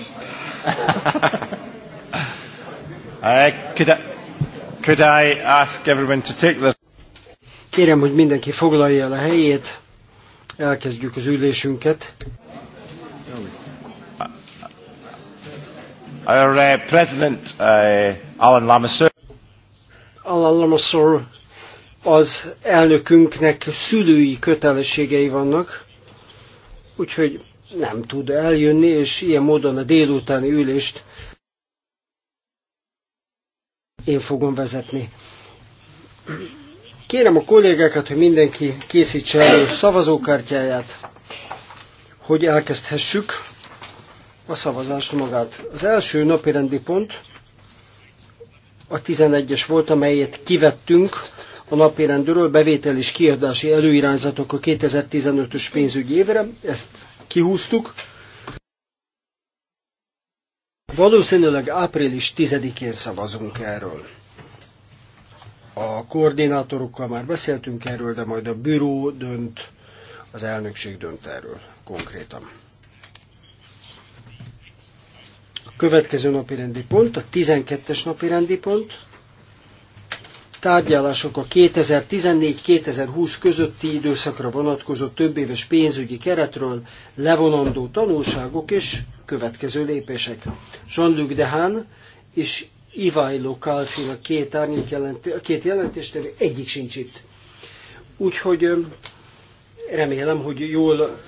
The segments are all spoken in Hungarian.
honest. uh, could, I, could I ask everyone to take this? Kérem, hogy mindenki foglalja el a helyét. Elkezdjük az ülésünket. Uh, our uh, president, uh, Alan Lamassoure. Alan Lamassoure az elnökünknek szülői kötelességei vannak, úgyhogy nem tud eljönni, és ilyen módon a délutáni ülést én fogom vezetni. Kérem a kollégákat, hogy mindenki készítse elő szavazókártyáját, hogy elkezdhessük a szavazást magát. Az első rendi pont a 11-es volt, amelyet kivettünk, a napirendről, bevétel és kiadási előirányzatok a 2015-ös pénzügyi évre, ezt kihúztuk. Valószínűleg április 10-én szavazunk erről. A koordinátorokkal már beszéltünk erről, de majd a büró dönt, az elnökség dönt erről konkrétan. A következő napi rendi pont, a 12-es napi rendi pont, tárgyalások a 2014-2020 közötti időszakra vonatkozó többéves pénzügyi keretről levonandó tanulságok és következő lépések. Jean-Luc Dehaene és Ivailo Kalfin a két, árnyék jelent, a két jelentéstevő egyik sincs itt. Úgyhogy remélem, hogy jól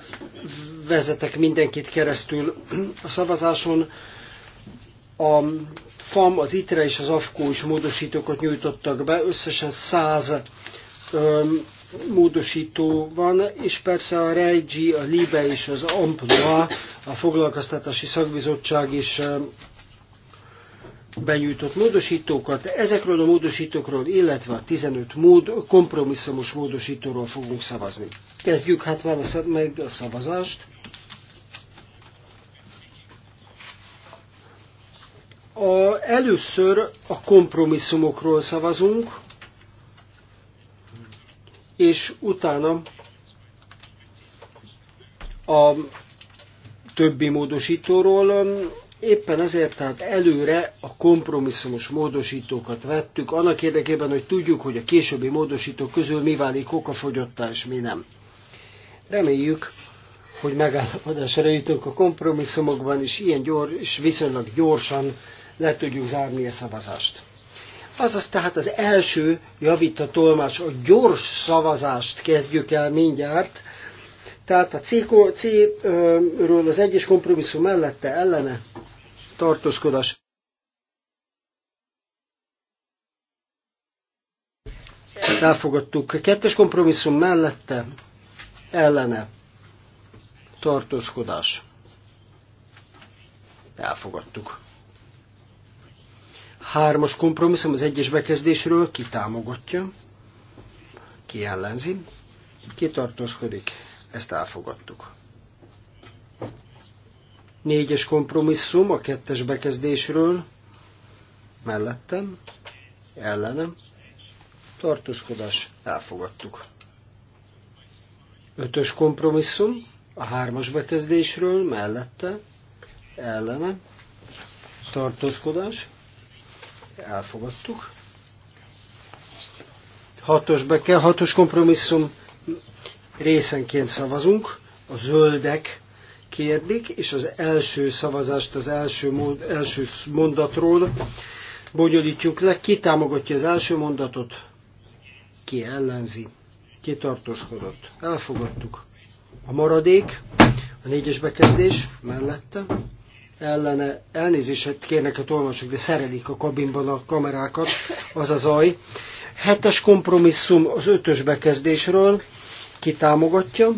vezetek mindenkit keresztül a szavazáson. A FAM, az ITRE és az AFKO is módosítókat nyújtottak be, összesen 100 öm, módosító van, és persze a REGI, a LIBE és az AMPNOA, a Foglalkoztatási Szakbizottság is benyújtott módosítókat. Ezekről a módosítókról, illetve a 15 mód, kompromisszumos módosítóról fogunk szavazni. Kezdjük hát válaszad meg a szavazást. A, először a kompromisszumokról szavazunk, és utána a többi módosítóról. Éppen ezért tehát előre a kompromisszumos módosítókat vettük, annak érdekében, hogy tudjuk, hogy a későbbi módosítók közül mi válik okafogyottá és mi nem. Reméljük, hogy megállapodásra jutunk a kompromisszumokban, és ilyen gyors, és viszonylag gyorsan le tudjuk zárni a szavazást. Azaz tehát az első javít a tolmács, a gyors szavazást kezdjük el mindjárt. Tehát a C-ről az egyes kompromisszum mellette ellene tartózkodás. Ezt elfogadtuk. A kettes kompromisszum mellette ellene tartózkodás. Elfogadtuk. Hármas kompromisszum az egyes bekezdésről ki támogatja, ki ellenzi, ki tartózkodik, ezt elfogadtuk. Négyes kompromisszum a kettes bekezdésről mellettem, ellenem, tartózkodás, elfogadtuk. Ötös kompromisszum a hármas bekezdésről mellette, ellene, tartózkodás, elfogadtuk. Hatos kell, hatos kompromisszum részenként szavazunk, a zöldek kérdik, és az első szavazást az első, mond, első mondatról bonyolítjuk le. Ki támogatja az első mondatot? Ki ellenzi? Ki tartózkodott? Elfogadtuk. A maradék, a négyes bekezdés mellette ellene elnézést hát kérnek a tolmácsok, de szerelik a kabinban a kamerákat, az a zaj. Hetes kompromisszum az ötös bekezdésről, ki támogatja,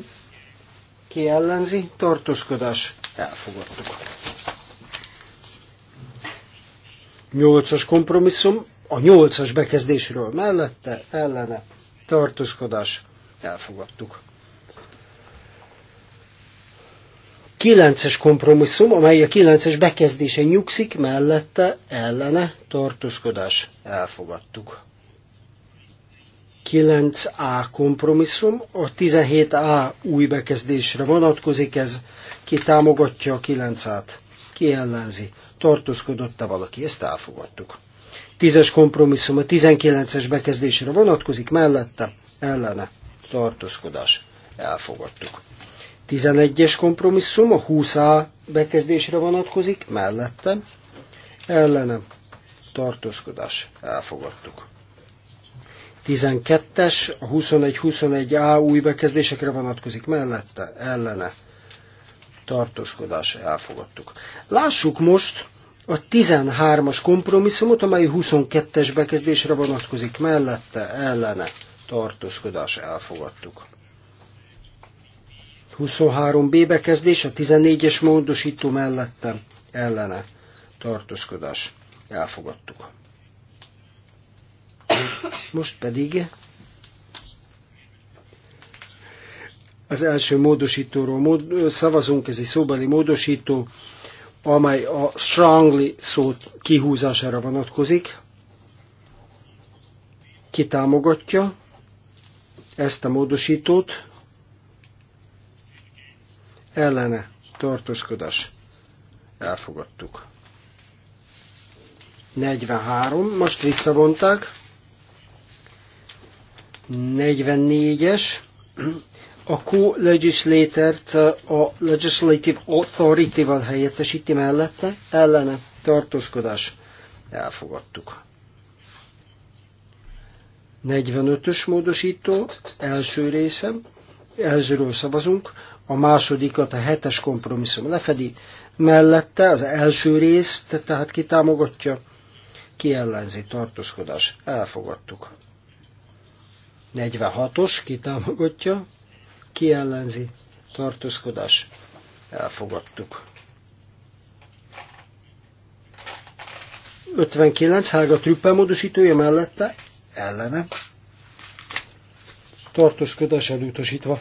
ki ellenzi, tartózkodás, elfogadtuk. Nyolcas kompromisszum, a nyolcas bekezdésről mellette, ellene, tartózkodás, elfogadtuk. 9-es kompromisszum, amely a 9-es bekezdése nyugszik, mellette ellene tartózkodás. Elfogadtuk. 9A kompromisszum, a 17A új bekezdésre vonatkozik ez, ki támogatja a 9 t ki ellenzi, tartózkodott-e valaki, ezt elfogadtuk. 10-es kompromisszum a 19-es bekezdésre vonatkozik, mellette ellene tartózkodás, elfogadtuk. 11-es kompromisszum a 20A bekezdésre vonatkozik, mellette ellenem tartózkodás elfogadtuk. 12-es a 21-21A új bekezdésekre vonatkozik, mellette ellene tartózkodás elfogadtuk. Lássuk most a 13-as kompromisszumot, amely 22-es bekezdésre vonatkozik, mellette ellene tartózkodás elfogadtuk. 23B bekezdés a 14-es módosító mellette ellene tartózkodás. Elfogadtuk. Most pedig az első módosítóról mód, szavazunk, ez egy szóbeli módosító, amely a strongly szót kihúzására vonatkozik. Kitámogatja ezt a módosítót? ellene tartózkodás elfogadtuk. 43, most visszavonták. 44-es, a co-legislatort a legislative authority-val helyettesíti mellette, ellene tartózkodás elfogadtuk. 45-ös módosító, első része, elsőről szavazunk, a másodikat a hetes kompromisszum lefedi, mellette az első részt, tehát kitámogatja, kiellenzi tartózkodás. Elfogadtuk. 46-os, kitámogatja, kiellenzi tartózkodás. Elfogadtuk. 59 Hága Trüppel módosítója mellette, ellene, tartózkodás elutasítva.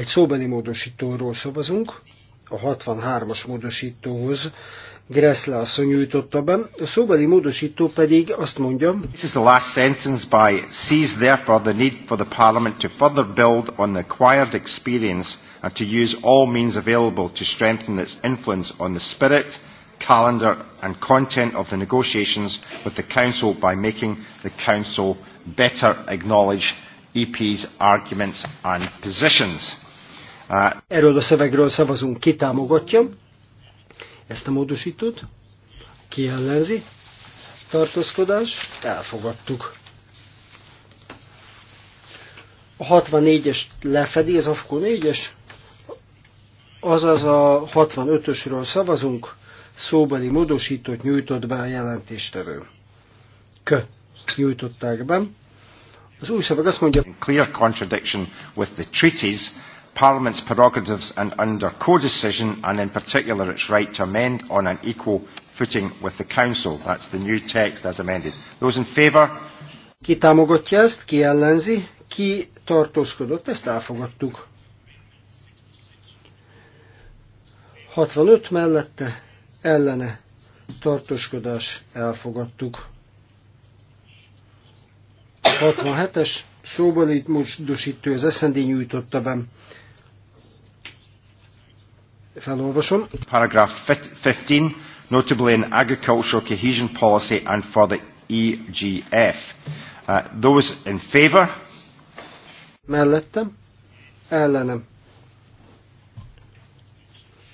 Egy szóbeli módosítóról szavazunk, a 63-as módosítóhoz Gressle asszony nyújtotta be, a szóbeli módosító pedig azt mondja, This is the last sentence by sees therefore the need for the Parliament to further build on the acquired experience and to use all means available to strengthen its influence on the spirit, calendar and content of the negotiations with the Council by making the Council better acknowledge EP's arguments and positions. Hát. Erről a szövegről szavazunk, ki támogatja ezt a módosítót, ki ellenzi, tartózkodás, elfogadtuk. A 64-es lefedi, ez AFKO 4-es, azaz a 65-ösről szavazunk, szóbeli módosítót nyújtott be a jelentéstevő. K. Nyújtották be. Az új szöveg azt mondja, clear contradiction with the treaties Parliament's prerogatives and under co-decision, and in particular its right to amend on an equal footing with the Council. That's the new text as amended. Those in favour? Ki támogatja ezt, ki ellenzi, ki tartózkodott, ezt elfogadtuk. 65 mellette ellene tartózkodás elfogadtuk. 67-es Szóval itt módosítő az SZND nyújtotta be. Felolvasom. Paragraph 15, notably in agricultural cohesion policy and for the EGF. Uh, those in favour? Mellettem. Ellenem.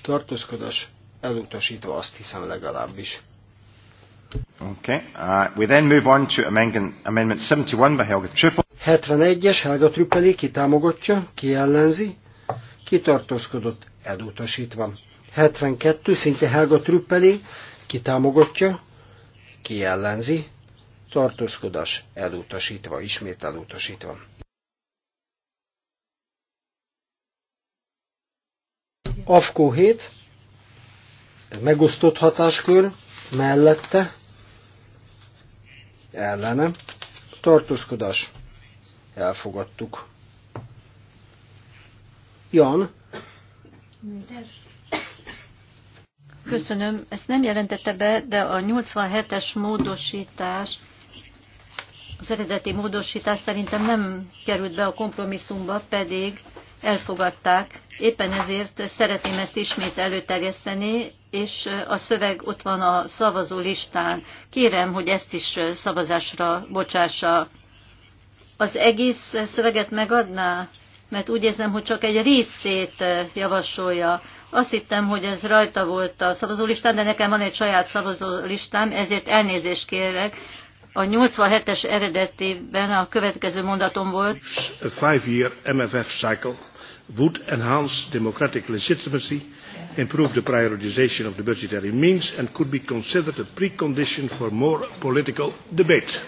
Tartózkodás elutasítva, azt hiszem legalábbis. Okay. Uh, we then move on to amendment, amendment 71 by Helga Triple. 71-es Helga Trüppeli kitámogatja, ki ellenzi, kitartózkodott, elutasítva. 72 szinte Helga Trüppeli kitámogatja, ki ellenzi, tartózkodás elutasítva, ismét elutasítva. Afkó 7, megosztott hatáskör, mellette, ellene, tartózkodás Elfogadtuk. Jan? Köszönöm. Ezt nem jelentette be, de a 87-es módosítás, az eredeti módosítás szerintem nem került be a kompromisszumba, pedig elfogadták. Éppen ezért szeretném ezt ismét előterjeszteni, és a szöveg ott van a szavazó listán. Kérem, hogy ezt is szavazásra bocsássa az egész szöveget megadná? Mert úgy érzem, hogy csak egy részét eh, javasolja. Azt hittem, hogy ez rajta volt a szavazólistán, de nekem van egy saját szavazólistám, ezért elnézést kérek. A 87-es eredetében a következő mondatom volt. A eh, five-year MFF cycle would enhance democratic legitimacy, improve the prioritization of the budgetary means and could be considered a precondition for more political debate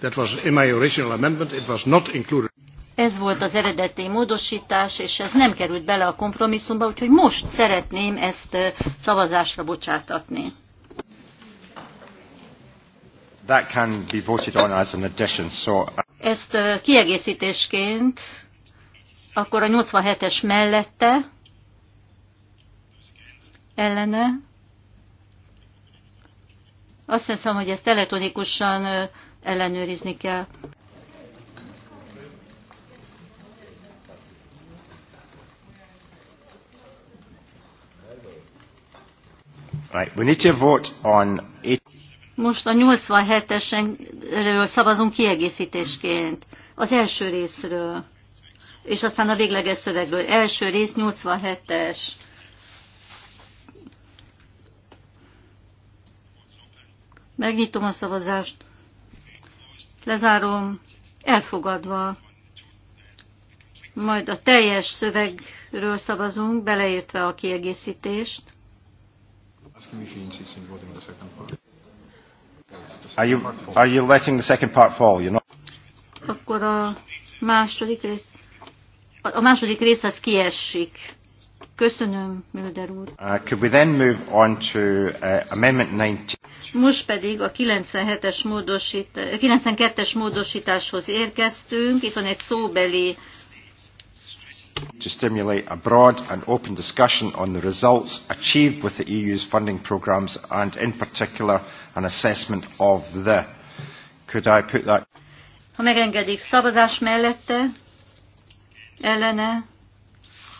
That was in my original amendment, it was not included. Ez volt az eredeti módosítás, és ez nem került bele a kompromisszumba, úgyhogy most szeretném ezt szavazásra bocsátatni. That can be voted on as an addition, so... Uh, ezt kiegészítésként, akkor a 87-es mellette, ellene, azt hiszem, hogy ezt elektronikusan ellenőrizni kell. Right, we need to vote on it. Most a 87-esről szavazunk kiegészítésként. Az első részről, és aztán a végleges szövegről. Első rész 87-es. Megnyitom a szavazást. Lezárom elfogadva. Majd a teljes szövegről szavazunk, beleértve a kiegészítést. Are you, are you letting the second part fall? You know? Akkor a második rész, a második rész az kiessik. Köszönöm, Mülder úr. Uh, could we then move on to uh, Amendment 19? Most pedig a 97-es módosít, 92-es módosításhoz érkeztünk. Itt van egy szóbeli to stimulate a broad and open discussion on the results achieved with the EU's funding programmes and in particular an assessment of the. Could I put that? Ha megengedik, szavazás mellette, ellene,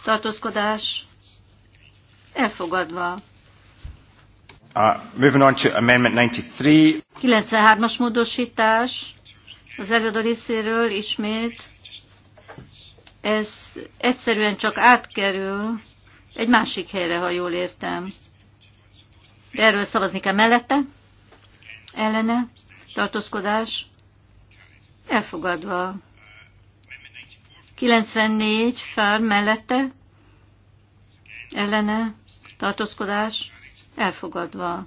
tartózkodás, elfogadva. Uh, moving on to Amendment 93. 93-as módosítás az előadó részéről ismét. Ez egyszerűen csak átkerül egy másik helyre, ha jól értem. De erről szavazni kell mellette, ellene, tartózkodás, elfogadva. 94 fár mellette, ellene, tartózkodás, elfogadva.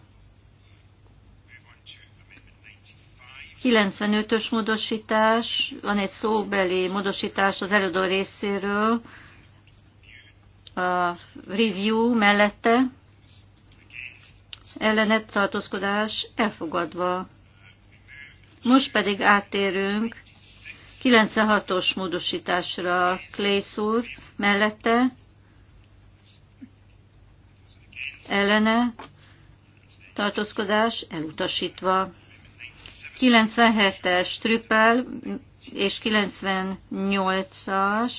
95-ös módosítás, van egy szóbeli módosítás az előadó részéről, a review mellette, ellenet tartózkodás elfogadva. Most pedig áttérünk 96-os módosításra Clay mellette, ellene tartózkodás elutasítva. 97-es trüppel és 98-as,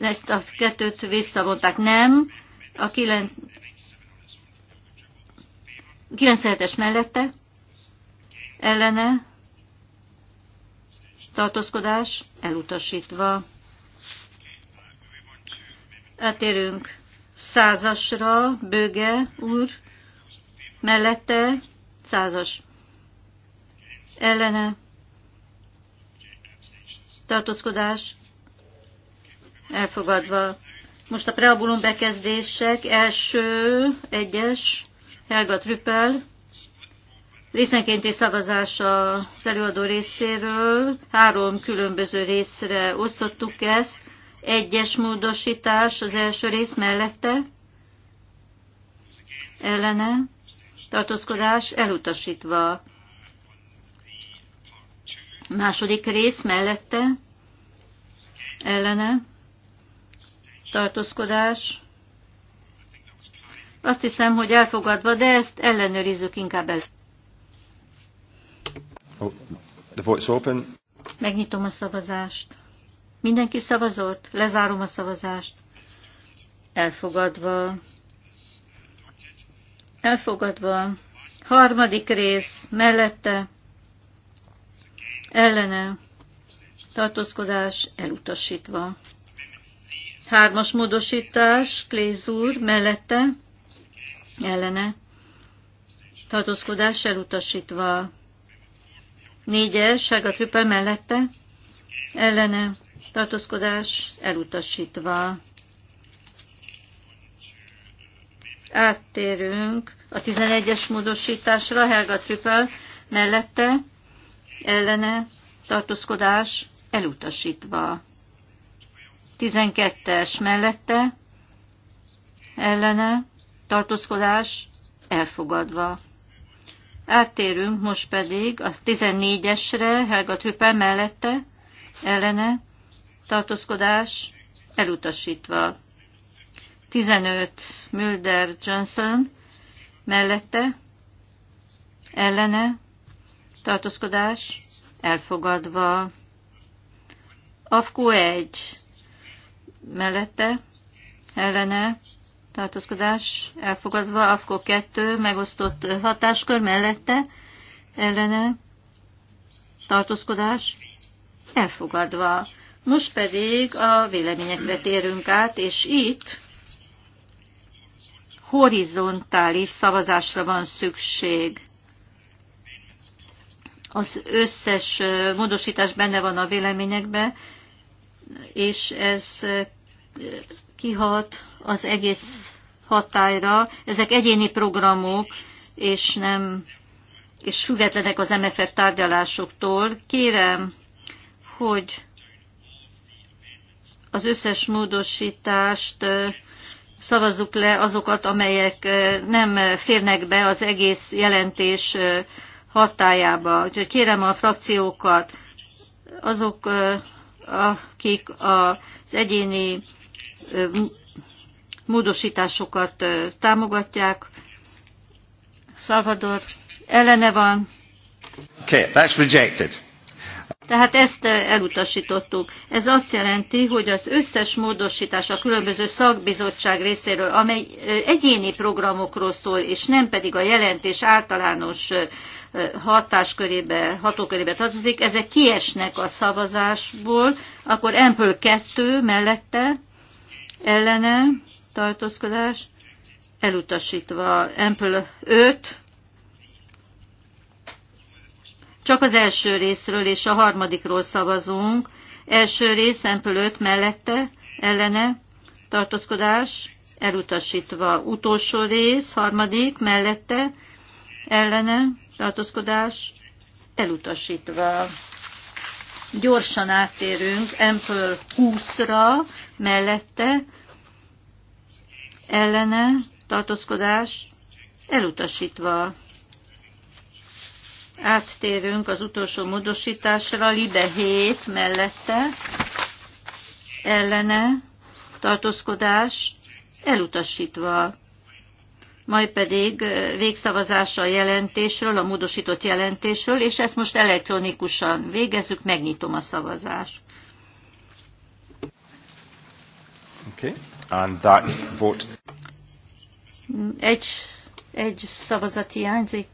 ezt a kettőt visszavonták, nem, a 97-es mellette ellene tartózkodás elutasítva. Átérünk százasra, bőge úr, mellette, százas. Ellene, tartózkodás, elfogadva. Most a preabulum bekezdések, első, egyes, Helga Trüppel, részenkénti szavazás az előadó részéről, három különböző részre osztottuk ezt, egyes módosítás az első rész mellette, ellene, tartózkodás elutasítva. Második rész mellette, ellene, tartózkodás. Azt hiszem, hogy elfogadva, de ezt ellenőrizzük inkább ezt. Oh, the vote's open. Megnyitom a szavazást. Mindenki szavazott? Lezárom a szavazást. Elfogadva. Elfogadva. Harmadik rész. Mellette. Ellene. Tartózkodás elutasítva. Hármas módosítás, Kléz úr, mellette, ellene, tartózkodás elutasítva. Négyes, Sága Trüppel mellette, ellene, tartózkodás elutasítva. Áttérünk a 11-es módosításra, Helga Trüppel mellette, ellene, tartózkodás elutasítva. 12-es mellette, ellene, tartózkodás elfogadva. Áttérünk most pedig a 14-esre, Helga Trüppel mellette, ellene, tartózkodás elutasítva. 15 Mulder Johnson mellette ellene tartózkodás elfogadva. afku 1 mellette ellene tartózkodás elfogadva. afku 2 megosztott hatáskör mellette ellene tartózkodás elfogadva. Most pedig a véleményekre térünk át, és itt horizontális szavazásra van szükség. Az összes módosítás benne van a véleményekbe, és ez kihat az egész hatályra. Ezek egyéni programok, és nem és függetlenek az MFF tárgyalásoktól. Kérem, hogy az összes módosítást szavazzuk le azokat, amelyek nem férnek be az egész jelentés hatájába. Úgyhogy kérem a frakciókat, azok, akik az egyéni módosításokat támogatják. Salvador ellene van. Okay, that's rejected. Tehát ezt elutasítottuk. Ez azt jelenti, hogy az összes módosítás a különböző szakbizottság részéről, amely egyéni programokról szól, és nem pedig a jelentés általános hatáskörébe, hatókörébe tartozik, ezek kiesnek a szavazásból, akkor Ample kettő mellette ellene tartózkodás, elutasítva Ample öt. Csak az első részről és a harmadikról szavazunk. Első rész, Empül 5 mellette, ellene, tartózkodás, elutasítva. Utolsó rész, harmadik, mellette, ellene, tartózkodás, elutasítva. Gyorsan áttérünk Empől 20-ra, mellette, ellene, tartózkodás, elutasítva. Áttérünk az utolsó módosításra, Libe 7 mellette, ellene, tartózkodás, elutasítva. Majd pedig végszavazása a jelentésről, a módosított jelentésről, és ezt most elektronikusan végezzük, megnyitom a szavazást. Okay. And that vote. Egy, egy szavazat hiányzik.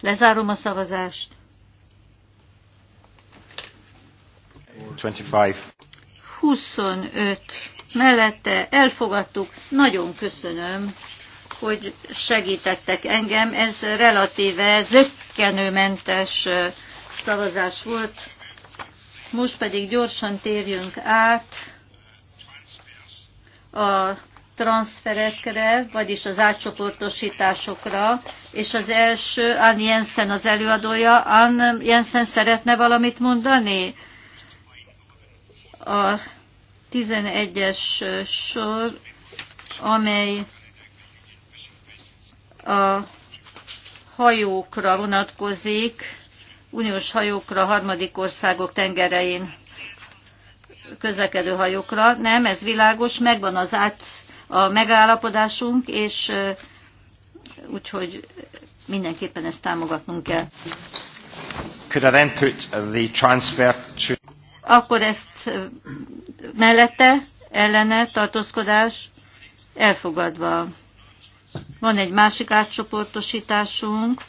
Lezárom a szavazást. 25. 25 mellette elfogadtuk. Nagyon köszönöm, hogy segítettek engem. Ez relatíve zöggenőmentes szavazás volt. Most pedig gyorsan térjünk át a transferekre, vagyis az átcsoportosításokra, és az első, Ann Jensen az előadója. Ann Jensen szeretne valamit mondani? A 11-es sor, amely a hajókra vonatkozik, uniós hajókra, harmadik országok tengerein közlekedő hajókra. Nem, ez világos, megvan az át a megállapodásunk, és úgyhogy mindenképpen ezt támogatnunk kell. Could I then put the transfer to... Akkor ezt mellette, ellene, tartózkodás elfogadva. Van egy másik átcsoportosításunk,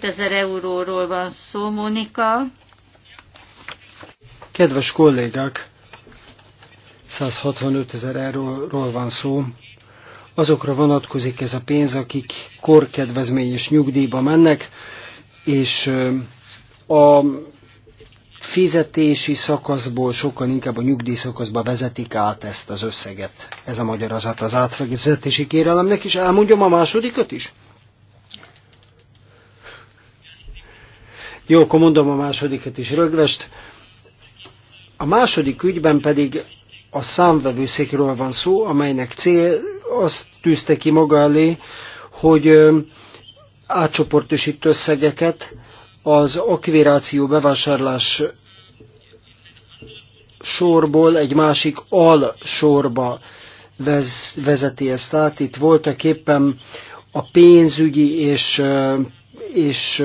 ezer euróról van szó, Mónika. Kedves kollégák, 165 ezer euróról van szó. Azokra vonatkozik ez a pénz, akik és nyugdíjba mennek, és a fizetési szakaszból sokkal inkább a nyugdíj szakaszba vezetik át ezt az összeget. Ez a magyarázat az átvezetési kérelemnek, és elmondjam a másodikat is. Jó, akkor mondom a másodikat is rögvest. A második ügyben pedig a számvevőszékről van szó, amelynek cél azt tűzte ki maga elé, hogy átcsoportosít összegeket az akviráció bevásárlás sorból egy másik al sorba vezeti ezt át. Itt voltak éppen a pénzügyi és és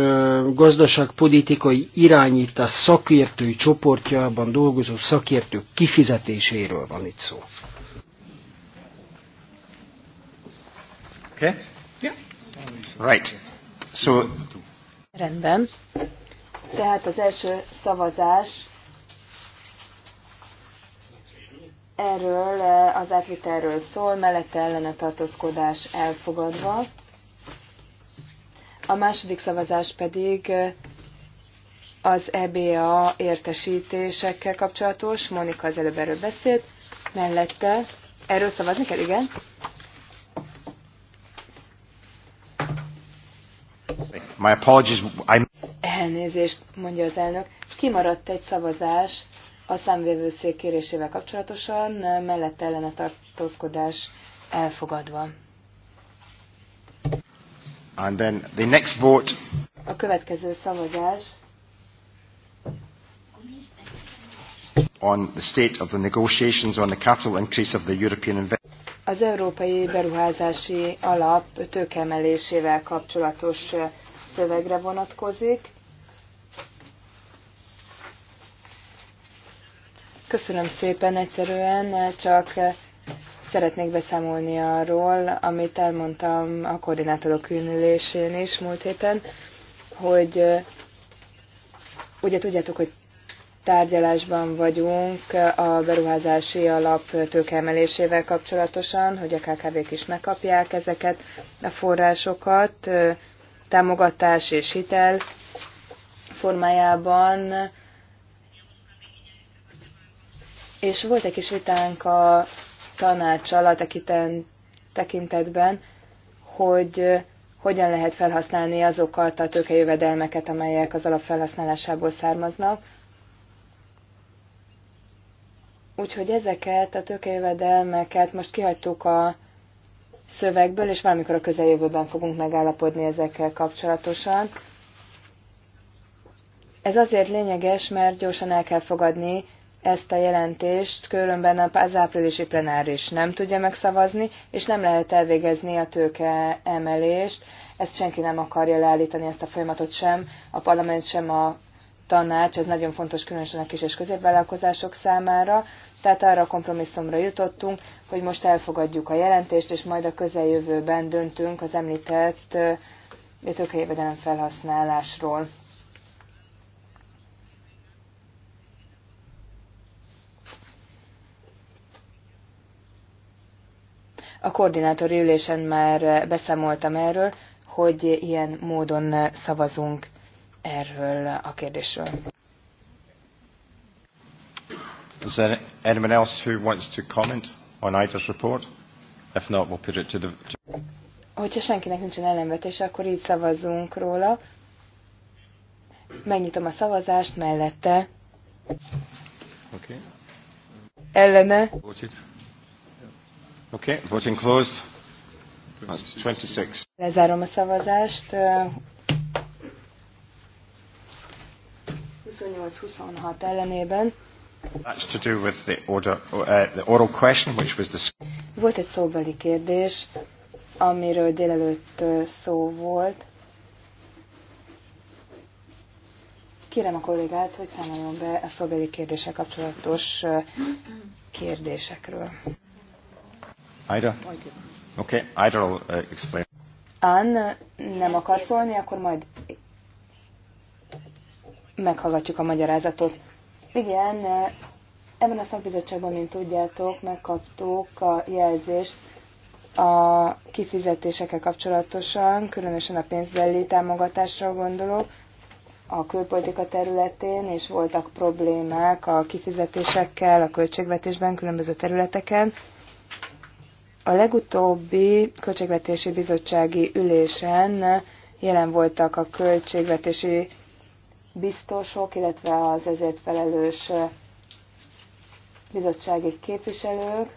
gazdaságpolitikai irányítás szakértői csoportjában dolgozó szakértők kifizetéséről van itt szó. Okay? Yeah. Right. So... Rendben. Tehát az első szavazás erről, az átvitelről szól, mellette ellene tartózkodás elfogadva. A második szavazás pedig az EBA értesítésekkel kapcsolatos. Monika az előbb erről beszélt. Mellette. Erről szavazni kell, igen? My apologies, I'm... Elnézést, mondja az elnök. Kimaradt egy szavazás a számvévőszék kérésével kapcsolatosan, mellette ellene tartózkodás elfogadva. And then the next vote. A következő szavazás. On the state of the negotiations on the capital increase of the European investment. Az Európai Beruházási Alap tőkemelésével kapcsolatos szövegre vonatkozik. Köszönöm szépen egyszerűen, csak Szeretnék beszámolni arról, amit elmondtam a koordinátorok ülésén is múlt héten, hogy ugye tudjátok, hogy tárgyalásban vagyunk a beruházási alap tőkeemelésével kapcsolatosan, hogy a KKV-k is megkapják ezeket a forrásokat, támogatás és hitel formájában. És volt egy kis vitánk a tanácsal a tekintetben, hogy hogyan lehet felhasználni azokat a tőkejövedelmeket, amelyek az alapfelhasználásából származnak. Úgyhogy ezeket a tőkejövedelmeket most kihagytuk a szövegből, és valamikor a közeljövőben fogunk megállapodni ezekkel kapcsolatosan. Ez azért lényeges, mert gyorsan el kell fogadni ezt a jelentést különben az áprilisi plenáris nem tudja megszavazni, és nem lehet elvégezni a tőke emelést. Ezt senki nem akarja leállítani, ezt a folyamatot sem, a parlament sem a tanács, ez nagyon fontos különösen a kis és középvállalkozások számára, tehát arra a kompromisszumra jutottunk, hogy most elfogadjuk a jelentést, és majd a közeljövőben döntünk az említett tőkejövedelem felhasználásról. A koordinátori ülésen már beszámoltam erről, hogy ilyen módon szavazunk erről a kérdésről. Is there anyone else who wants to comment on Ida's report? If not, we'll put it to the... Hogyha senkinek nincsen ellenvetése, akkor így szavazunk róla. Megnyitom a szavazást mellette. Okay. Ellene. Voted. Okay, voting closed. That's 26. Lezárom a szavazást. 28-26 ellenében. That's to do with the, order, uh, the oral question, which was the... Volt egy szóbeli kérdés, amiről délelőtt szó volt. Kérem a kollégát, hogy számoljon be a szóbeli kérdése kapcsolatos kérdésekről. Ida? Okay, Ida will uh, explain. Ann nem akar szólni, akkor majd meghallgatjuk a magyarázatot. Igen, ebben a szakbizottságban, mint tudjátok, megkaptuk a jelzést a kifizetésekkel kapcsolatosan, különösen a pénzbeli támogatásra gondolok, a külpolitika területén, és voltak problémák a kifizetésekkel, a költségvetésben, különböző területeken. A legutóbbi költségvetési bizottsági ülésen jelen voltak a költségvetési biztosok, illetve az ezért felelős bizottsági képviselők,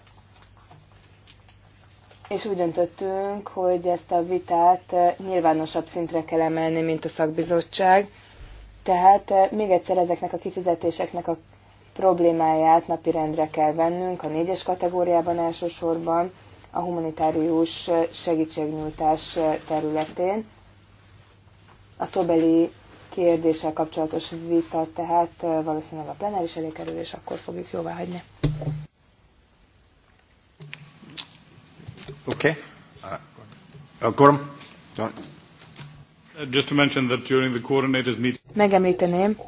és úgy döntöttünk, hogy ezt a vitát nyilvánosabb szintre kell emelni, mint a szakbizottság. Tehát még egyszer ezeknek a kifizetéseknek a problémáját napirendre kell vennünk, a négyes kategóriában elsősorban, a humanitárius segítségnyújtás területén. A szóbeli kérdéssel kapcsolatos vita, tehát valószínűleg a plenáris elé kerül, és akkor fogjuk jóvá hagyni. Oké. Uh, okay. Just to mention that during the coordinators meeting... Megemlíteném,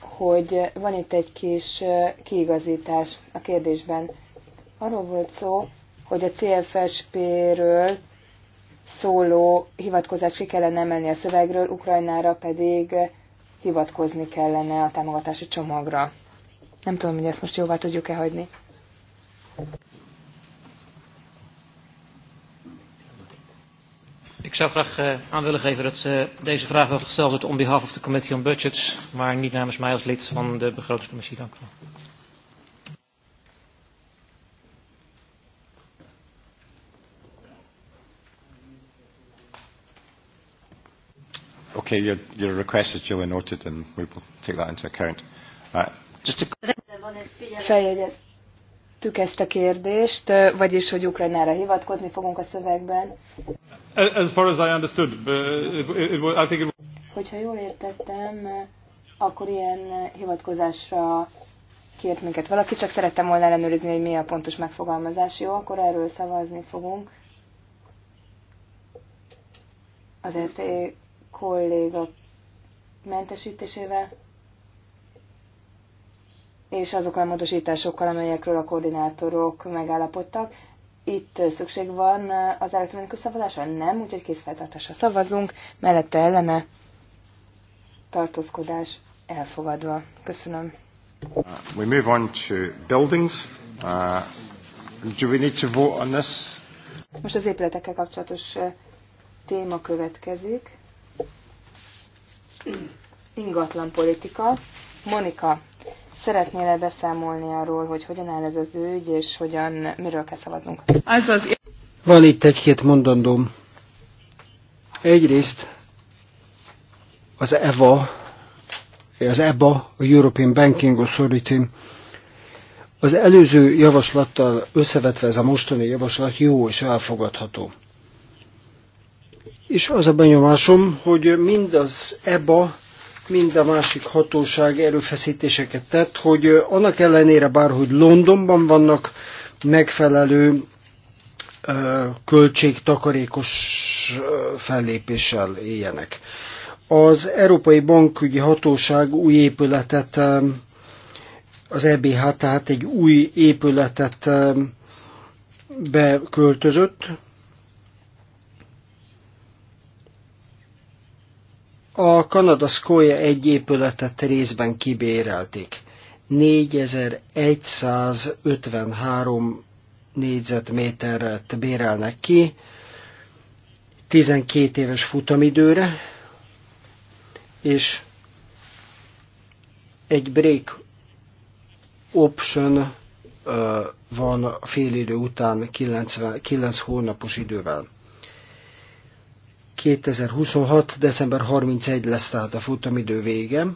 hogy van itt egy kis kiigazítás a kérdésben. Arról volt szó, hogy a CFSP-ről szóló hivatkozást ki kellene emelni a szövegről, Ukrajnára pedig hivatkozni kellene a támogatási csomagra. Nem tudom, hogy ezt most jóvá tudjuk-e hagyni. Ik zou graag eh, aan willen geven dat ze eh, deze vraag wel gesteld wordt on behalf of the Committee on Budgets, maar niet namens mij als lid van de begrotingscommissie. Dank u wel. Okay, your, your request is duly noted and we will take that into account. Uh, just to... kérdést, vagyis, hogy fogunk a szövegben. As far as I understood, uh, it, it, I think it... Hogyha jól értettem, akkor ilyen hivatkozásra kért minket valaki, csak szerettem volna ellenőrizni, hogy mi a pontos megfogalmazás. Jó, akkor erről szavazni fogunk. Az FTA e kolléga mentesítésével, és azokkal a módosításokkal, amelyekről a koordinátorok megállapodtak. Itt szükség van az elektronikus szavazásra? Nem, úgyhogy készfeltartásra szavazunk, mellette ellene tartózkodás elfogadva. Köszönöm. We move on to buildings. Uh, do we need to vote on this? Most az épületekkel kapcsolatos uh, téma következik. Ingatlan politika. Monika, szeretnél -e beszámolni arról, hogy hogyan áll ez az ügy, és hogyan, miről kell szavazunk? Az az... Van itt egy-két mondandóm. Egyrészt az EVA, az EBA, a European Banking Authority, az előző javaslattal összevetve ez a mostani javaslat jó és elfogadható és az a benyomásom, hogy mind az EBA, mind a másik hatóság erőfeszítéseket tett, hogy annak ellenére bár, hogy Londonban vannak megfelelő költségtakarékos fellépéssel éljenek. Az Európai Bankügyi Hatóság új épületet, az EBH tehát egy új épületet beköltözött, A Kanada Skoja egy épületet részben kibérelték. 4153 négyzetméteret bérelnek ki, 12 éves futamidőre, és egy break option van fél idő után 90, 9 hónapos idővel. 2026. december 31 lesz tehát a futamidő vége,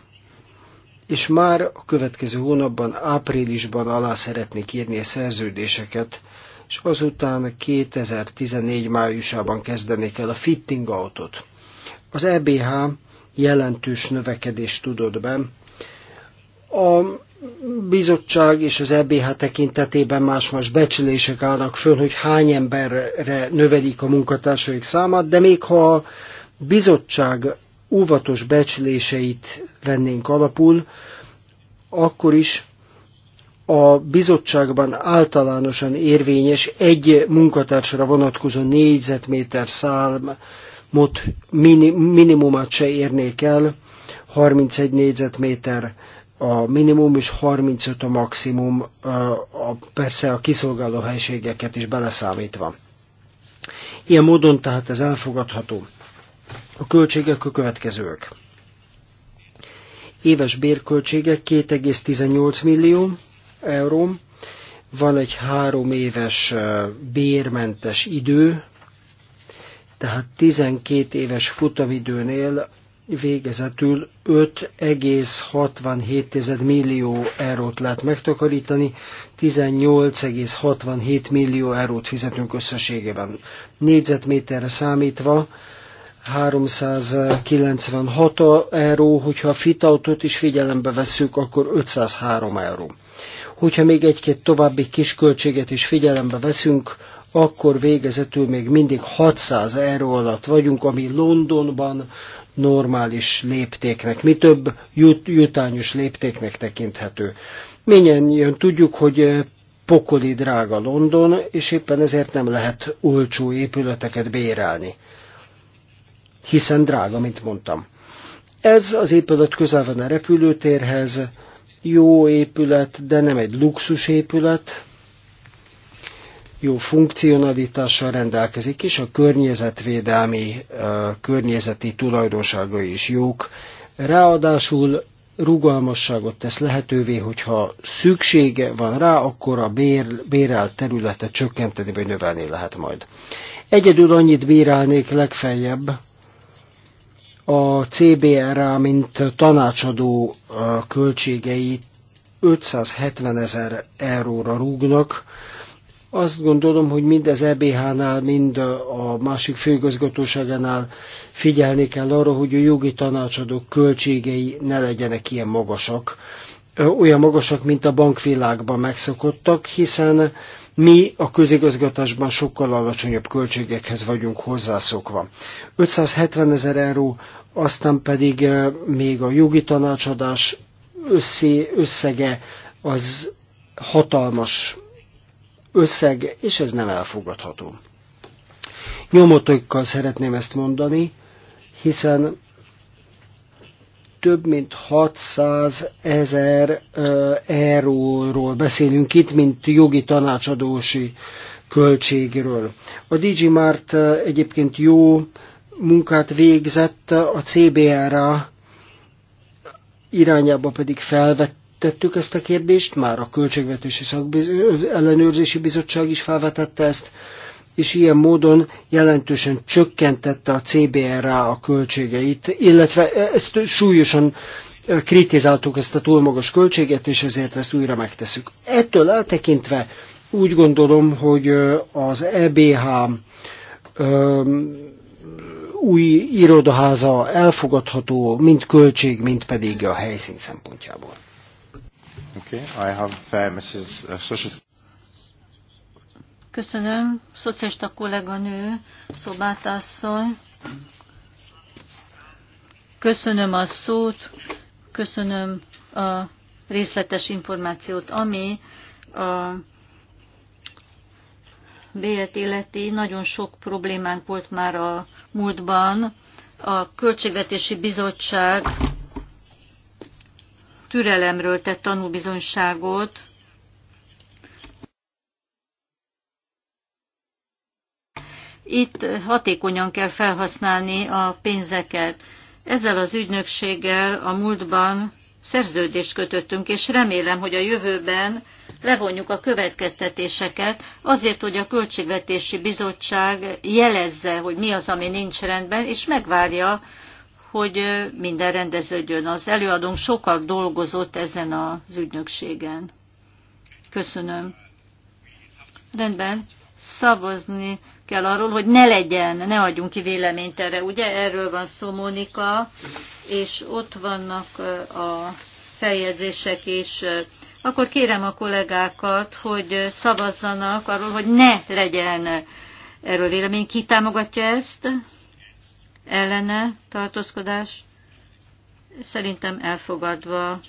és már a következő hónapban, áprilisban alá szeretnék írni a szerződéseket, és azután 2014 májusában kezdenék el a fitting autót. Az EBH jelentős növekedést tudott be. A bizottság és az EBH tekintetében más-más becslések állnak föl, hogy hány emberre növelik a munkatársaik számát, de még ha a bizottság óvatos becsléseit vennénk alapul, akkor is a bizottságban általánosan érvényes egy munkatársra vonatkozó négyzetméter számot minimumát se érnék el, 31 négyzetméter a minimum és 35 a maximum, a, persze a kiszolgáló helységeket is beleszámítva. Ilyen módon tehát ez elfogadható. A költségek a következők. Éves bérköltségek 2,18 millió euró, van egy három éves bérmentes idő, tehát 12 éves futamidőnél végezetül 5,67 millió eurót lehet megtakarítani, 18,67 millió eurót fizetünk összességében. Négyzetméterre számítva 396 euró, hogyha a fitautot is figyelembe vesszük, akkor 503 euró. Hogyha még egy-két további kis költséget is figyelembe veszünk, akkor végezetül még mindig 600 euró alatt vagyunk, ami Londonban normális léptéknek, mi több jut, jutányos léptéknek tekinthető. jön, tudjuk, hogy eh, pokoli drága London, és éppen ezért nem lehet olcsó épületeket bérelni. Hiszen drága, mint mondtam. Ez az épület közel van a repülőtérhez, jó épület, de nem egy luxus épület, jó funkcionalitással rendelkezik, és a környezetvédelmi, környezeti tulajdonságai is jók. Ráadásul rugalmasságot tesz lehetővé, hogyha szüksége van rá, akkor a bér, bérelt területet csökkenteni vagy növelni lehet majd. Egyedül annyit bírálnék legfeljebb a CBRA, mint tanácsadó költségeit 570 ezer euróra rúgnak, azt gondolom, hogy mind az EBH-nál, mind a másik főigazgatóságánál figyelni kell arra, hogy a jogi tanácsadók költségei ne legyenek ilyen magasak, olyan magasak, mint a bankvilágban megszokottak, hiszen mi a közigazgatásban sokkal alacsonyabb költségekhez vagyunk hozzászokva. 570 ezer euró, aztán pedig még a jogi tanácsadás összege az hatalmas összeg, és ez nem elfogadható. Nyomotokkal szeretném ezt mondani, hiszen több mint 600 ezer euróról beszélünk itt, mint jogi tanácsadósi költségről. A DG Mart egyébként jó munkát végzett, a CBR-ra irányába pedig felvett tettük ezt a kérdést, már a Költségvetési Szakbiz- Ellenőrzési Bizottság is felvetette ezt, és ilyen módon jelentősen csökkentette a CBRA a költségeit, illetve ezt súlyosan kritizáltuk ezt a túl magas költséget, és ezért ezt újra megteszük. Ettől eltekintve úgy gondolom, hogy az EBH új irodaháza elfogadható, mind költség, mind pedig a helyszín szempontjából. Okay, I have uh, Mrs. Socialist. Köszönöm. Szocialista kolléganő, szobátasszony. Köszönöm a szót, köszönöm a részletes információt, ami a bélet illeti. Nagyon sok problémánk volt már a múltban. A Költségvetési Bizottság türelemről tett tanúbizonyságot, Itt hatékonyan kell felhasználni a pénzeket. Ezzel az ügynökséggel a múltban szerződést kötöttünk, és remélem, hogy a jövőben levonjuk a következtetéseket, azért, hogy a Költségvetési Bizottság jelezze, hogy mi az, ami nincs rendben, és megvárja hogy minden rendeződjön. Az előadónk sokat dolgozott ezen az ügynökségen. Köszönöm. Rendben. Szavazni kell arról, hogy ne legyen, ne adjunk ki véleményt erre. Ugye erről van szó, Mónika, és ott vannak a feljegyzések is. Akkor kérem a kollégákat, hogy szavazzanak arról, hogy ne legyen erről vélemény. Ki támogatja ezt? ellene tartózkodás szerintem elfogadva.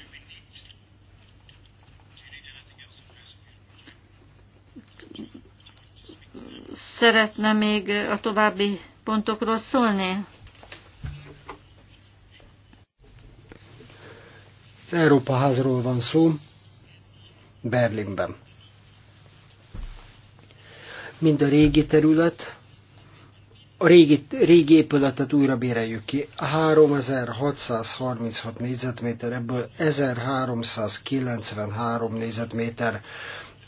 Szeretne még a további pontokról szólni? Az Európa házról van szó, Berlinben. Mind a régi terület, a régi, régi épületet újra béreljük ki. 3636 négyzetméter, ebből 1393 négyzetméter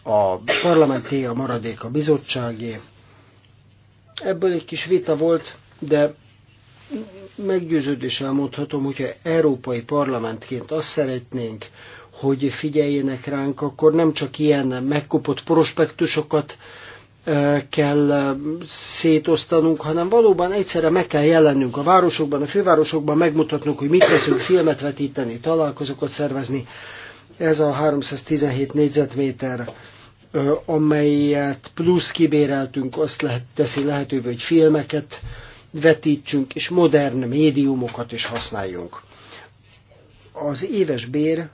a parlamenté, a maradék a bizottságé. Ebből egy kis vita volt, de meggyőződéssel mondhatom, hogyha európai parlamentként azt szeretnénk, hogy figyeljenek ránk, akkor nem csak ilyen megkopott prospektusokat, kell szétosztanunk, hanem valóban egyszerre meg kell jelennünk a városokban, a fővárosokban, megmutatnunk, hogy mit teszünk, filmet vetíteni, találkozókat szervezni. Ez a 317 négyzetméter, amelyet plusz kibéreltünk, azt lehet, teszi lehetővé, hogy filmeket vetítsünk, és modern médiumokat is használjunk. Az éves bér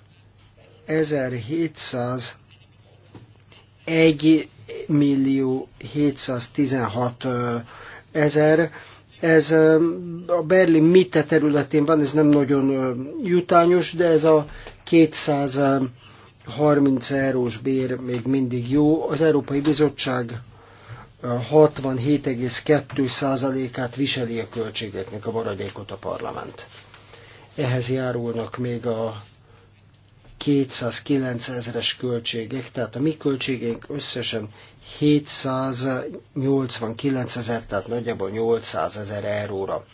1701 millió 716 ezer. Ez a Berlin Mitte területén van, ez nem nagyon jutányos, de ez a 230 eurós bér még mindig jó. Az Európai Bizottság 67,2%-át viseli a költségeknek a maradékot a parlament. Ehhez járulnak még a 209 ezeres költségek, tehát a mi költségeink összesen 789 ezer, tehát nagyjából 800 ezer euróra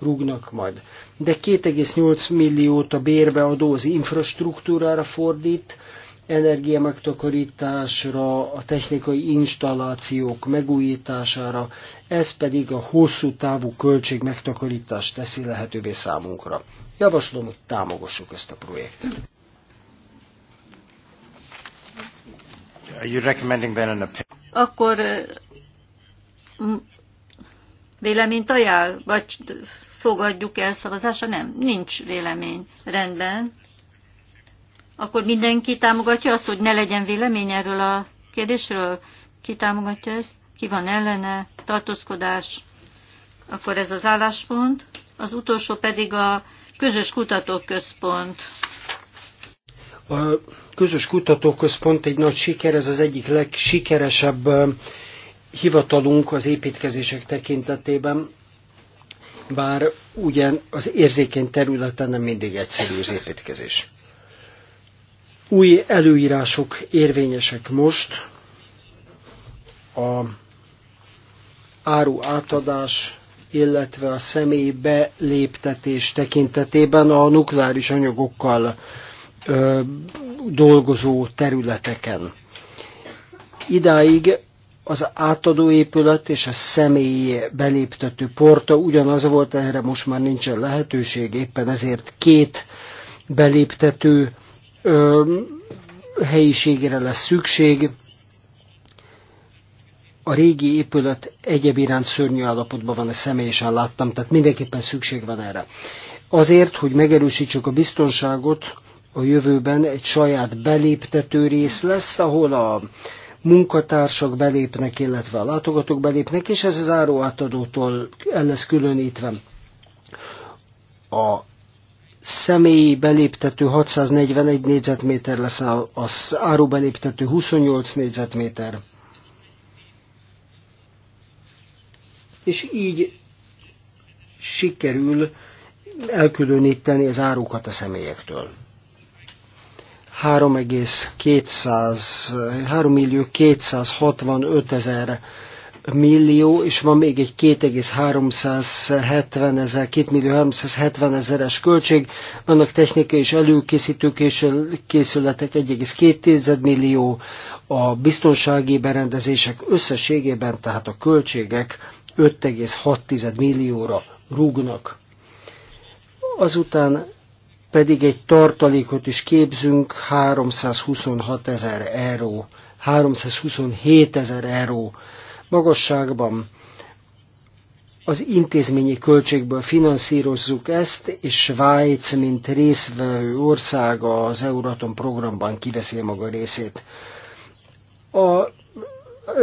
rúgnak majd. De 2,8 milliót a bérbe adóz infrastruktúrára fordít, energiamegtakarításra, a technikai installációk megújítására, ez pedig a hosszú távú költség megtakarítást teszi lehetővé számunkra. Javaslom, hogy támogassuk ezt a projektet. Are you recommending then an Akkor véleményt ajánl, vagy fogadjuk el szavazásra? Nem, nincs vélemény. Rendben. Akkor mindenki támogatja azt, hogy ne legyen vélemény erről a kérdésről? Ki támogatja ezt? Ki van ellene? Tartózkodás? Akkor ez az álláspont. Az utolsó pedig a közös kutatóközpont. A közös kutatóközpont egy nagy siker, ez az egyik legsikeresebb hivatalunk az építkezések tekintetében, bár ugyan az érzékeny területen nem mindig egyszerű az építkezés. Új előírások érvényesek most, a áru átadás, illetve a személy beléptetés tekintetében a nukleáris anyagokkal ö, dolgozó területeken. Idáig az átadó épület és a személyi beléptető porta ugyanaz volt, erre most már nincsen lehetőség, éppen ezért két beléptető ö, helyiségre lesz szükség. A régi épület egyéb iránt szörnyű állapotban van, ezt személyesen láttam, tehát mindenképpen szükség van erre. Azért, hogy megerősítsük a biztonságot, a jövőben egy saját beléptető rész lesz, ahol a munkatársak belépnek, illetve a látogatók belépnek, és ez az átadótól el lesz különítve. A személyi beléptető 641 négyzetméter lesz, az áró beléptető 28 négyzetméter. És így sikerül elkülöníteni az árukat a személyektől. 3 millió 265 ezer millió, és van még egy 2,370 ezer, 2 millió 370 ezeres költség, vannak technikai és előkészítő készületek 1,2 millió, a biztonsági berendezések összességében, tehát a költségek 5,6 millióra rúgnak. Azután pedig egy tartalékot is képzünk 326 ezer euró, 327 ezer euró magasságban. Az intézményi költségből finanszírozzuk ezt, és Svájc, mint részvevő ország az Euratom programban kiveszi maga részét. A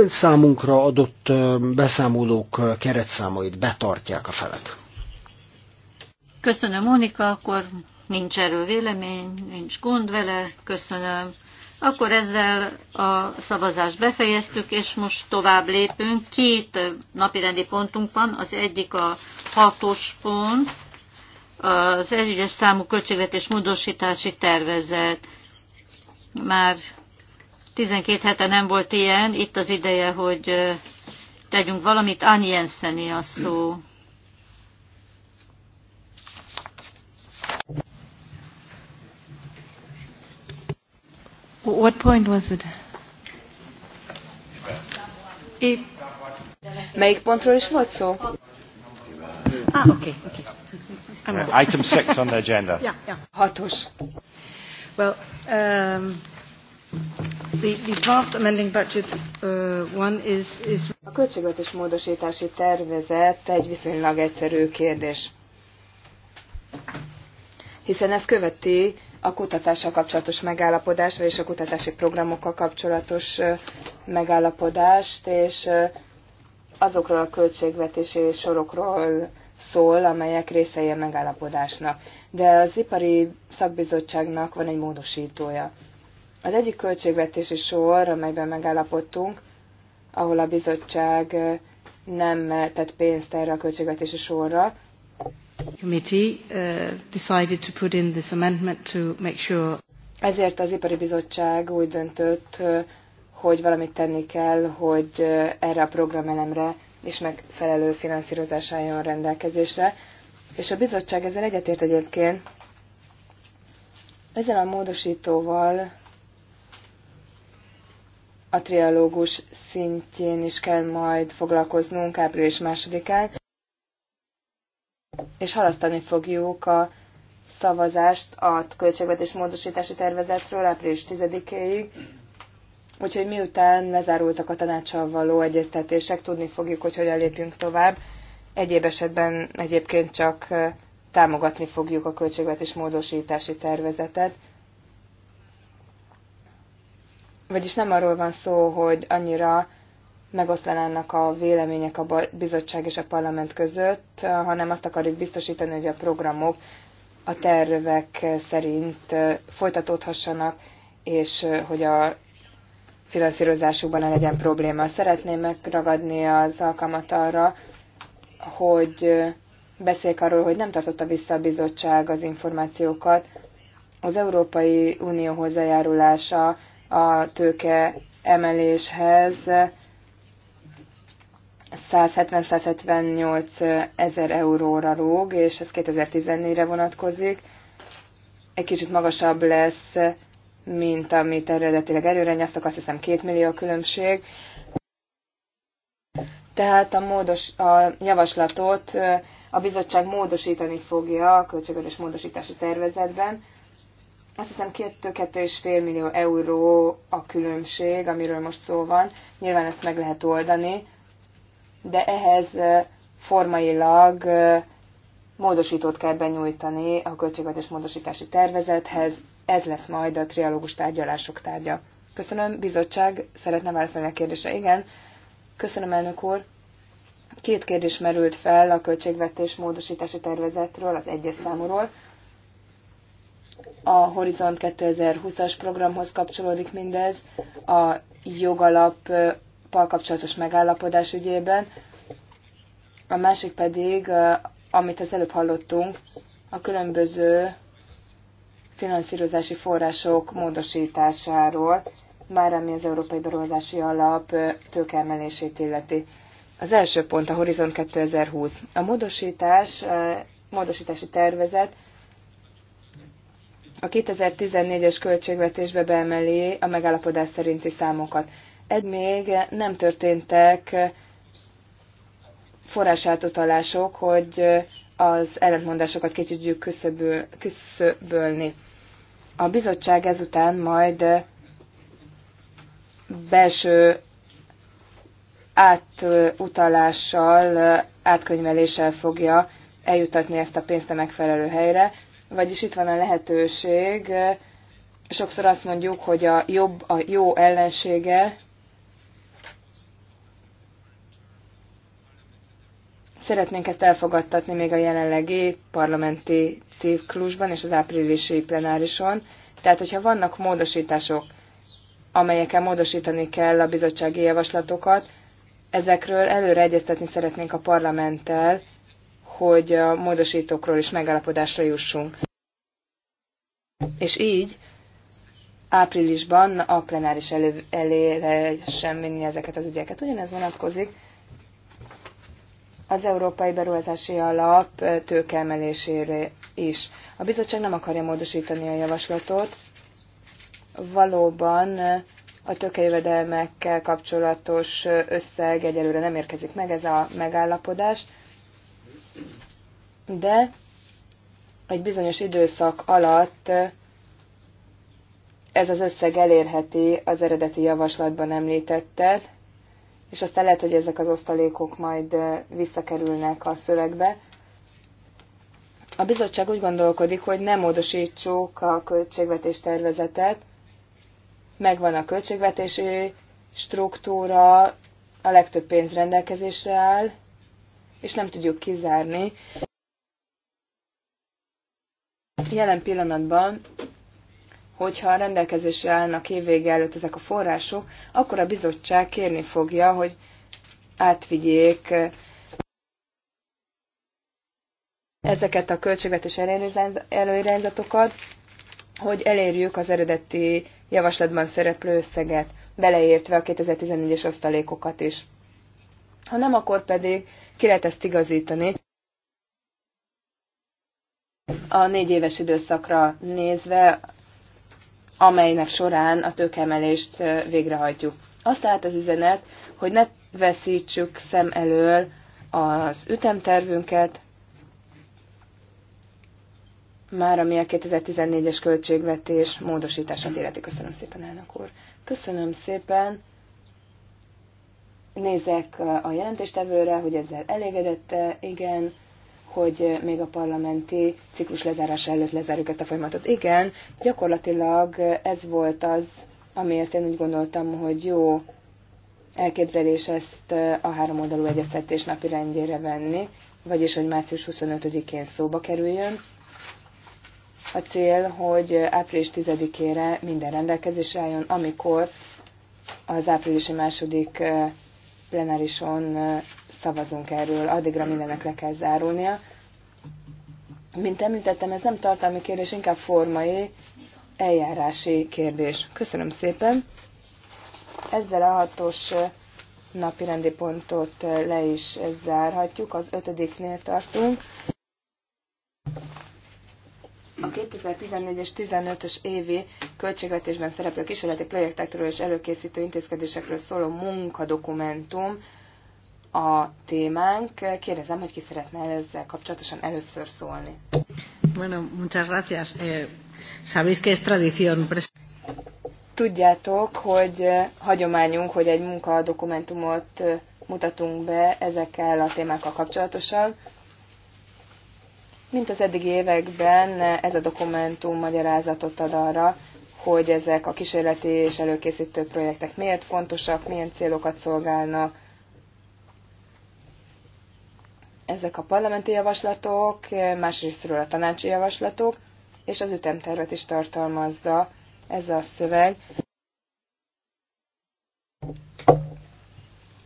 számunkra adott beszámolók keretszámait betartják a felek. Köszönöm, Monika, akkor nincs erről vélemény, nincs gond vele, köszönöm. Akkor ezzel a szavazást befejeztük, és most tovább lépünk. Két napirendi pontunk van, az egyik a hatos pont, az együgyes számú költségvetés módosítási tervezet. Már 12 hete nem volt ilyen, itt az ideje, hogy tegyünk valamit. Anni Jenszeni a szó. What point was it? It... Melyik pontról is volt szó? Ah, okay, okay. Yeah, item six on the agenda. Yeah, yeah. Hatos. Well, um, the, the draft amending budget uh, one is, is... A költségvetés módosítási tervezet egy viszonylag egyszerű kérdés. Hiszen ez követi a kutatással kapcsolatos megállapodásra és a kutatási programokkal kapcsolatos megállapodást, és azokról a költségvetési sorokról szól, amelyek részei a megállapodásnak. De az ipari szakbizottságnak van egy módosítója. Az egyik költségvetési sor, amelyben megállapodtunk, ahol a bizottság nem tett pénzt erre a költségvetési sorra, committee uh, decided to put in this amendment to make sure ezért az ipari bizottság úgy döntött, uh, hogy valamit tenni kell, hogy uh, erre a programelemre és megfelelő finanszírozás álljon rendelkezésre. És a bizottság ezzel egyetért egyébként. Ezzel a módosítóval a trialógus szintjén is kell majd foglalkoznunk április másodikán és halasztani fogjuk a szavazást a költségvetés módosítási tervezetről április 10-éig. Úgyhogy miután lezárultak a tanácssal való egyeztetések, tudni fogjuk, hogy hogyan lépjünk tovább. Egyéb esetben egyébként csak támogatni fogjuk a költségvetés módosítási tervezetet. Vagyis nem arról van szó, hogy annyira megoszlanának a vélemények a bizottság és a parlament között, hanem azt akarjuk biztosítani, hogy a programok a tervek szerint folytatódhassanak, és hogy a finanszírozásukban ne legyen probléma. Szeretném megragadni az alkalmat arra, hogy beszéljek arról, hogy nem tartotta vissza a bizottság az információkat. Az Európai Unió hozzájárulása a tőke emeléshez 170-178 ezer euróra rúg, és ez 2014-re vonatkozik. Egy kicsit magasabb lesz, mint amit eredetileg nyasztok, azt hiszem 2 millió a különbség. Tehát a, módos, a javaslatot a bizottság módosítani fogja a költségvetés módosítási tervezetben. Azt hiszem 2-2,5 millió euró a különbség, amiről most szó van. Nyilván ezt meg lehet oldani de ehhez formailag módosítót kell benyújtani a költségvetés módosítási tervezethez. Ez lesz majd a trialógus tárgyalások tárgya. Köszönöm, bizottság, szeretne válaszolni a kérdése. Igen, köszönöm, elnök úr. Két kérdés merült fel a költségvetés módosítási tervezetről, az egyes számúról. A Horizont 2020-as programhoz kapcsolódik mindez. A jogalap kapcsolatos megállapodás ügyében, a másik pedig, amit az előbb hallottunk, a különböző finanszírozási források módosításáról, már ami az Európai Beruházási Alap tőkeemelését illeti. Az első pont a Horizont 2020. A módosítás, módosítási tervezet a 2014-es költségvetésbe beemeli a megállapodás szerinti számokat ed még nem történtek forrásátutalások, hogy az ellentmondásokat ki tudjuk küszöböl, küszöbölni. A bizottság ezután majd belső átutalással, átkönyveléssel fogja eljutatni ezt a pénzt a megfelelő helyre, vagyis itt van a lehetőség, sokszor azt mondjuk, hogy a jobb a jó ellensége, Szeretnénk ezt elfogadtatni még a jelenlegi parlamenti ciklusban és az áprilisi plenárison. Tehát, hogyha vannak módosítások, amelyeken módosítani kell a bizottsági javaslatokat, ezekről előre egyeztetni szeretnénk a parlamenttel, hogy a módosítókról is megállapodásra jussunk. És így áprilisban a plenáris elő, elére sem vinni ezeket az ügyeket. Ugyanez vonatkozik az Európai Beruházási Alap tőkeemelésére is. A bizottság nem akarja módosítani a javaslatot. Valóban a tökejövedelmekkel kapcsolatos összeg egyelőre nem érkezik meg ez a megállapodás, de egy bizonyos időszak alatt ez az összeg elérheti az eredeti javaslatban említettet, és aztán lehet, hogy ezek az osztalékok majd visszakerülnek a szövegbe. A bizottság úgy gondolkodik, hogy nem módosítsuk a költségvetés tervezetet, megvan a költségvetési struktúra, a legtöbb pénz rendelkezésre áll, és nem tudjuk kizárni. Jelen pillanatban hogyha rendelkezésre állnak évvége előtt ezek a források, akkor a bizottság kérni fogja, hogy átvigyék ezeket a költségvetés előirányzatokat, hogy elérjük az eredeti javaslatban szereplő összeget, beleértve a 2014-es osztalékokat is. Ha nem, akkor pedig ki lehet ezt igazítani a négy éves időszakra nézve amelynek során a tőkemelést végrehajtjuk. Azt állt az üzenet, hogy ne veszítsük szem elől az ütemtervünket, már ami a 2014-es költségvetés módosítását illeti. Köszönöm szépen, elnök úr. Köszönöm szépen. Nézek a jelentéstevőre, hogy ezzel elégedette. Igen hogy még a parlamenti ciklus lezárása előtt lezárjuk ezt a folyamatot. Igen, gyakorlatilag ez volt az, amiért én úgy gondoltam, hogy jó elképzelés ezt a három oldalú egyeztetés napi rendjére venni, vagyis hogy március 25-én szóba kerüljön. A cél, hogy április 10-ére minden rendelkezésre álljon, amikor az áprilisi második eh, plenárison eh, szavazunk erről, addigra mindennek le kell zárulnia. Mint említettem, ez nem tartalmi kérdés, inkább formai, eljárási kérdés. Köszönöm szépen! Ezzel a hatos napi rendi pontot le is zárhatjuk, az ötödiknél tartunk. A 2014-es 15-ös évi költségvetésben szereplő kísérleti projektekről és előkészítő intézkedésekről szóló munkadokumentum a témánk. Kérdezem, hogy ki szeretne ezzel kapcsolatosan először szólni. Bueno, muchas gracias. Eh, sabéis que es tradición. Tudjátok, hogy eh, hagyományunk, hogy egy munkadokumentumot eh, mutatunk be ezekkel a témákkal kapcsolatosan. Mint az eddigi években eh, ez a dokumentum magyarázatot ad arra, hogy ezek a kísérleti és előkészítő projektek miért fontosak, milyen célokat szolgálnak, ezek a parlamenti javaslatok, másrésztről a tanácsi javaslatok, és az ütemtervet is tartalmazza ez a szöveg.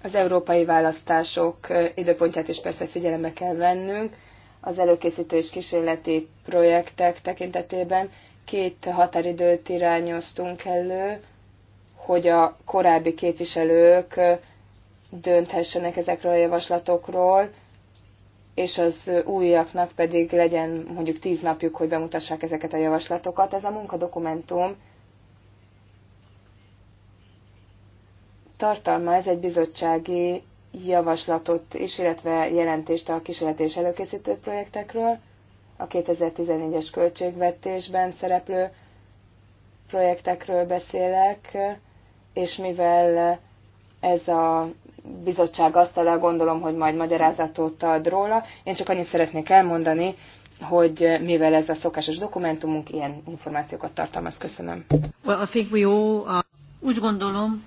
Az európai választások időpontját is persze figyelembe kell vennünk, az előkészítő és kísérleti projektek tekintetében két határidőt irányoztunk elő, hogy a korábbi képviselők dönthessenek ezekről a javaslatokról, és az újaknak pedig legyen mondjuk tíz napjuk, hogy bemutassák ezeket a javaslatokat. Ez a munkadokumentum tartalmaz egy bizottsági javaslatot is, illetve jelentést a kísérleti és előkészítő projektekről, a 2014-es költségvetésben szereplő projektekről beszélek, és mivel ez a bizottság asztalá, gondolom, hogy majd magyarázatot ad róla. Én csak annyit szeretnék elmondani, hogy mivel ez a szokásos dokumentumunk, ilyen információkat tartalmaz. Köszönöm. Well, I think we all are... Úgy gondolom,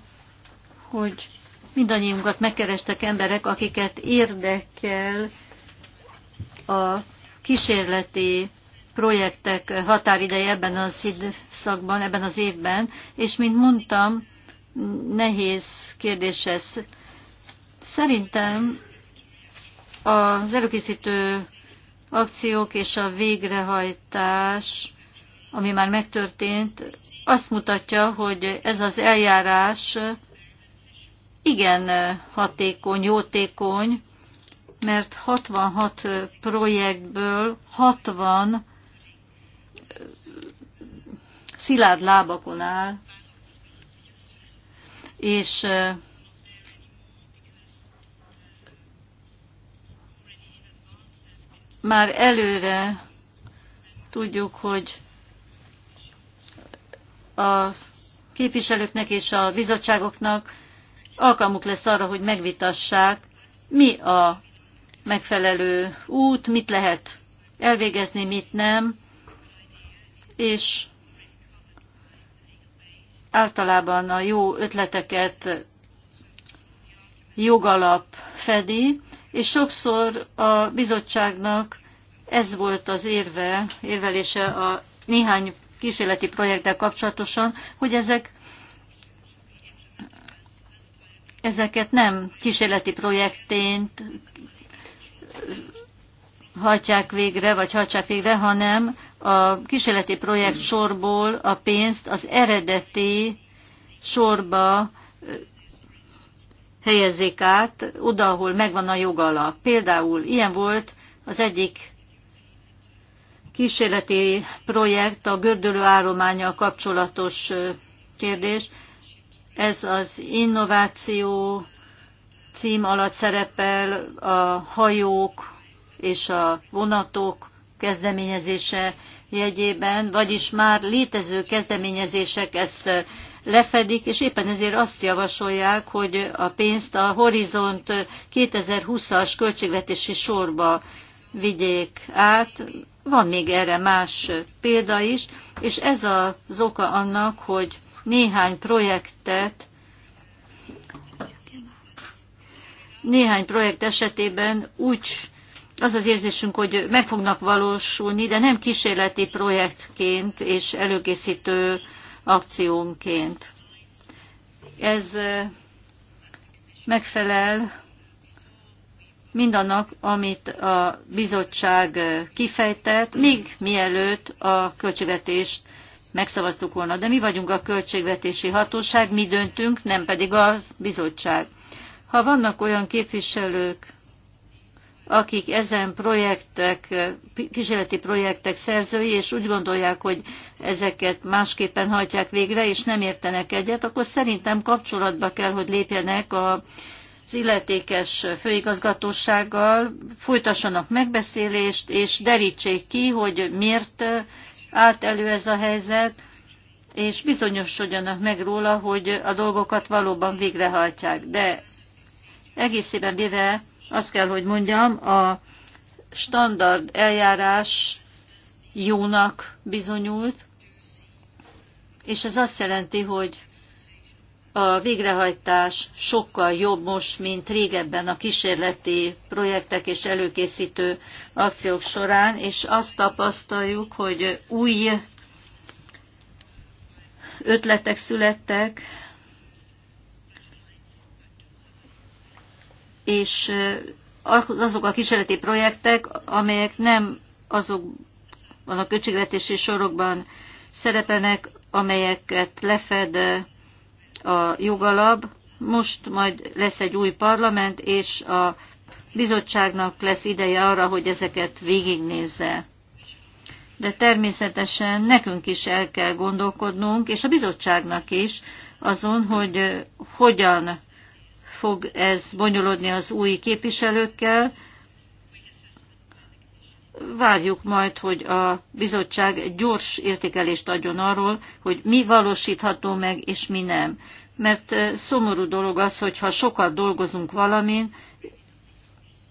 hogy mindannyiunkat megkerestek emberek, akiket érdekel a kísérleti projektek határideje ebben az időszakban, ebben az évben, és mint mondtam, nehéz kérdés ez. Szerintem az előkészítő akciók és a végrehajtás, ami már megtörtént, azt mutatja, hogy ez az eljárás igen hatékony, jótékony, mert 66 projektből 60 szilárd lábakon áll, és már előre tudjuk, hogy a képviselőknek és a bizottságoknak alkalmuk lesz arra, hogy megvitassák, mi a megfelelő út, mit lehet elvégezni, mit nem, és általában a jó ötleteket jogalap fedi, és sokszor a bizottságnak ez volt az érve, érvelése a néhány kísérleti projekttel kapcsolatosan, hogy ezek ezeket nem kísérleti projektént hajtják végre, vagy hajtsák végre, hanem a kísérleti projekt sorból a pénzt az eredeti sorba helyezzék át oda, ahol megvan a jogalap. Például ilyen volt az egyik kísérleti projekt, a gördülő állományjal kapcsolatos kérdés. Ez az innováció cím alatt szerepel a hajók és a vonatok kezdeményezése jegyében, vagyis már létező kezdeményezések ezt lefedik, és éppen ezért azt javasolják, hogy a pénzt a Horizont 2020-as költségvetési sorba vigyék át. Van még erre más példa is, és ez az oka annak, hogy néhány projektet néhány projekt esetében úgy az az érzésünk, hogy meg fognak valósulni, de nem kísérleti projektként és előkészítő akciónként. Ez megfelel mindannak, amit a bizottság kifejtett, még mielőtt a költségvetést megszavaztuk volna. De mi vagyunk a költségvetési hatóság, mi döntünk, nem pedig a bizottság. Ha vannak olyan képviselők, akik ezen projektek, kísérleti projektek szerzői, és úgy gondolják, hogy ezeket másképpen hajtják végre, és nem értenek egyet, akkor szerintem kapcsolatba kell, hogy lépjenek a az illetékes főigazgatósággal folytassanak megbeszélést, és derítsék ki, hogy miért állt elő ez a helyzet, és bizonyosodjanak meg róla, hogy a dolgokat valóban végrehajtják. De egészében véve azt kell, hogy mondjam, a standard eljárás jónak bizonyult, és ez azt jelenti, hogy a végrehajtás sokkal jobb most, mint régebben a kísérleti projektek és előkészítő akciók során, és azt tapasztaljuk, hogy új ötletek születtek, és azok a kísérleti projektek, amelyek nem van a költségvetési sorokban szerepelnek, amelyeket lefed a jogalap. Most majd lesz egy új parlament, és a bizottságnak lesz ideje arra, hogy ezeket végignézze. De természetesen nekünk is el kell gondolkodnunk, és a bizottságnak is azon, hogy hogyan fog ez bonyolodni az új képviselőkkel. Várjuk majd, hogy a bizottság gyors értékelést adjon arról, hogy mi valósítható meg, és mi nem. Mert eh, szomorú dolog az, hogyha sokat dolgozunk valamin,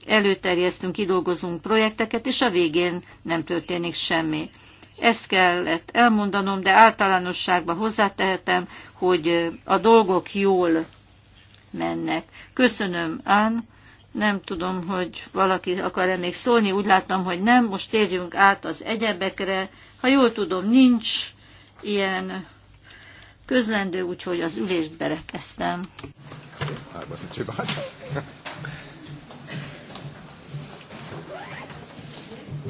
előterjesztünk, kidolgozunk projekteket, és a végén nem történik semmi. Ezt kellett elmondanom, de általánosságban hozzátehetem, hogy eh, a dolgok jól mennek. Köszönöm, ann. Nem tudom, hogy valaki akar-e még szólni. Úgy láttam, hogy nem. Most térjünk át az egyebekre. Ha jól tudom, nincs ilyen közlendő, úgyhogy az ülést berekeztem.